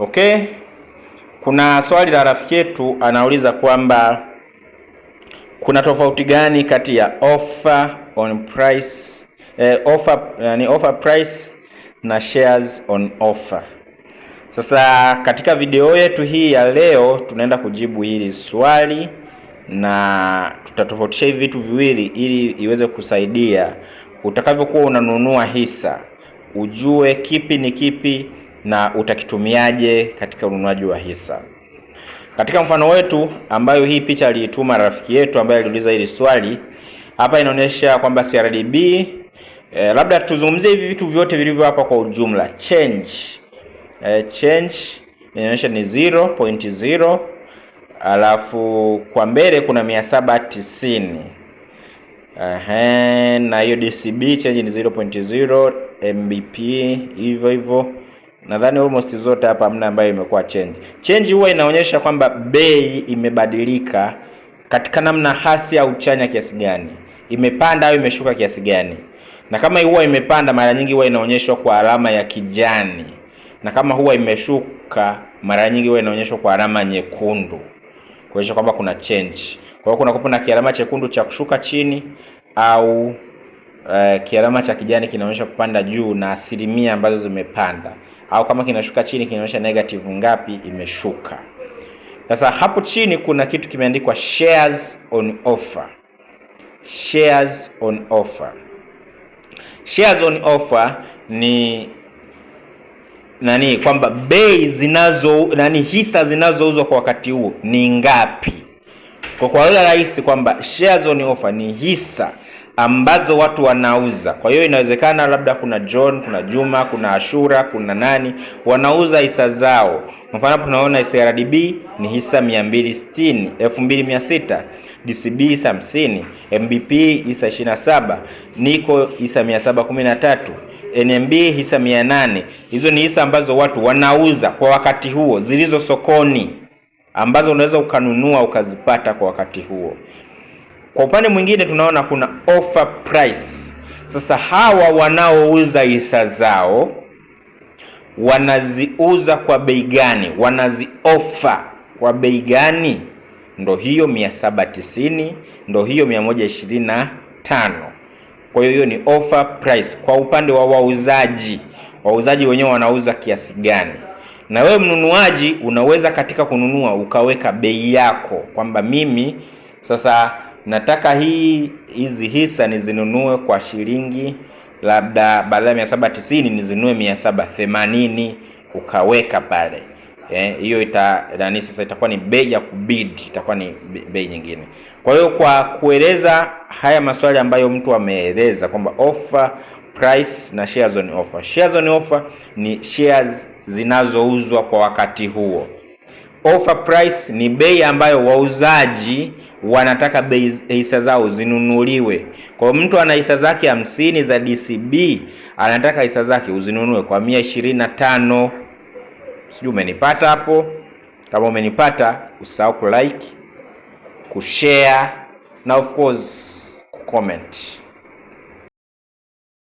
Okay, kuna swali la rafiki yetu anauliza kwamba kuna tofauti gani kati ya offer on price, eh, offer, yani eh, offer price na shares on offer. Sasa katika video yetu hii ya leo tunaenda kujibu hili swali na tutatofautisha hivi vitu viwili ili iweze kusaidia utakavyokuwa unanunua hisa ujue kipi ni kipi na utakitumiaje katika ununuaji wa hisa. Katika mfano wetu ambayo hii picha aliituma rafiki yetu ambaye aliuliza hili swali, hapa inaonyesha kwamba CRDB eh, labda tuzungumzie hivi vitu vyote vilivyo hapa kwa ujumla. Change eh, change inaonyesha ni 0.0 alafu kwa mbele kuna 790 Ahe, na hiyo DCB change ni 0.0, MBP hivyo hivyo nadhani almost zote hapa hamna ambayo imekuwa change. Change huwa inaonyesha kwamba bei imebadilika katika namna hasi au chanya kiasi gani, imepanda au imeshuka kiasi gani. Na kama huwa imepanda, mara nyingi huwa inaonyeshwa kwa alama ya kijani, na kama huwa imeshuka, mara nyingi huwa inaonyeshwa kwa alama nyekundu, kuonyesha kwamba kuna change. Kwa hiyo kuna na kialama chekundu cha kushuka chini au Uh, kialama cha kijani kinaonyesha kupanda juu na asilimia ambazo zimepanda au kama kinashuka chini kinaonyesha negative ngapi imeshuka. Sasa hapo chini kuna kitu kimeandikwa shares on offer. Shares on offer. Shares on offer ni nani? Kwamba bei zinazo nani, hisa zinazouzwa kwa wakati huo ni ngapi? Kwa kwa lugha rahisi kwamba shares on offer ni hisa ambazo watu wanauza. Kwa hiyo inawezekana labda kuna John, kuna Juma, kuna Ashura, kuna nani wanauza hisa zao. mfano hapo tunaona SRDB ni hisa 260, 2600, DCB hisa 50, MBP hisa 27, Niko hisa 713, NMB hisa 800. Hizo ni hisa ambazo watu wanauza kwa wakati huo, zilizo sokoni ambazo unaweza ukanunua ukazipata kwa wakati huo. Kwa upande mwingine tunaona kuna offer price. Sasa hawa wanaouza hisa zao wanaziuza kwa bei gani? Wanaziofa kwa bei gani? Ndo hiyo mia saba ndo hiyo 125. Kwa hiyo hiyo ni offer price. Kwa upande wa wauzaji, wauzaji wenyewe wanauza kiasi gani? Na wewe mnunuaji unaweza katika kununua ukaweka bei yako kwamba mimi sasa nataka hii hizi hisa nizinunue kwa shilingi labda badala ya mia saba tisini nizinunue mia saba themanini ukaweka pale eh, hiyo eh, ita nani sasa itakuwa ni bei ya kubid, itakuwa ni bei nyingine. Kwa hiyo kwa kueleza haya maswali ambayo mtu ameeleza kwamba offer price na shares on offer. Shares on offer ni shares zinazouzwa kwa wakati huo offer price ni bei ambayo wauzaji wanataka bei hisa zao zinunuliwe. Kwa mtu ana hisa zake hamsini za DCB anataka hisa zake uzinunue kwa mia ishirini na tano. Sijui umenipata hapo? Kama umenipata, usahau kulike, kushare na of course kucomment.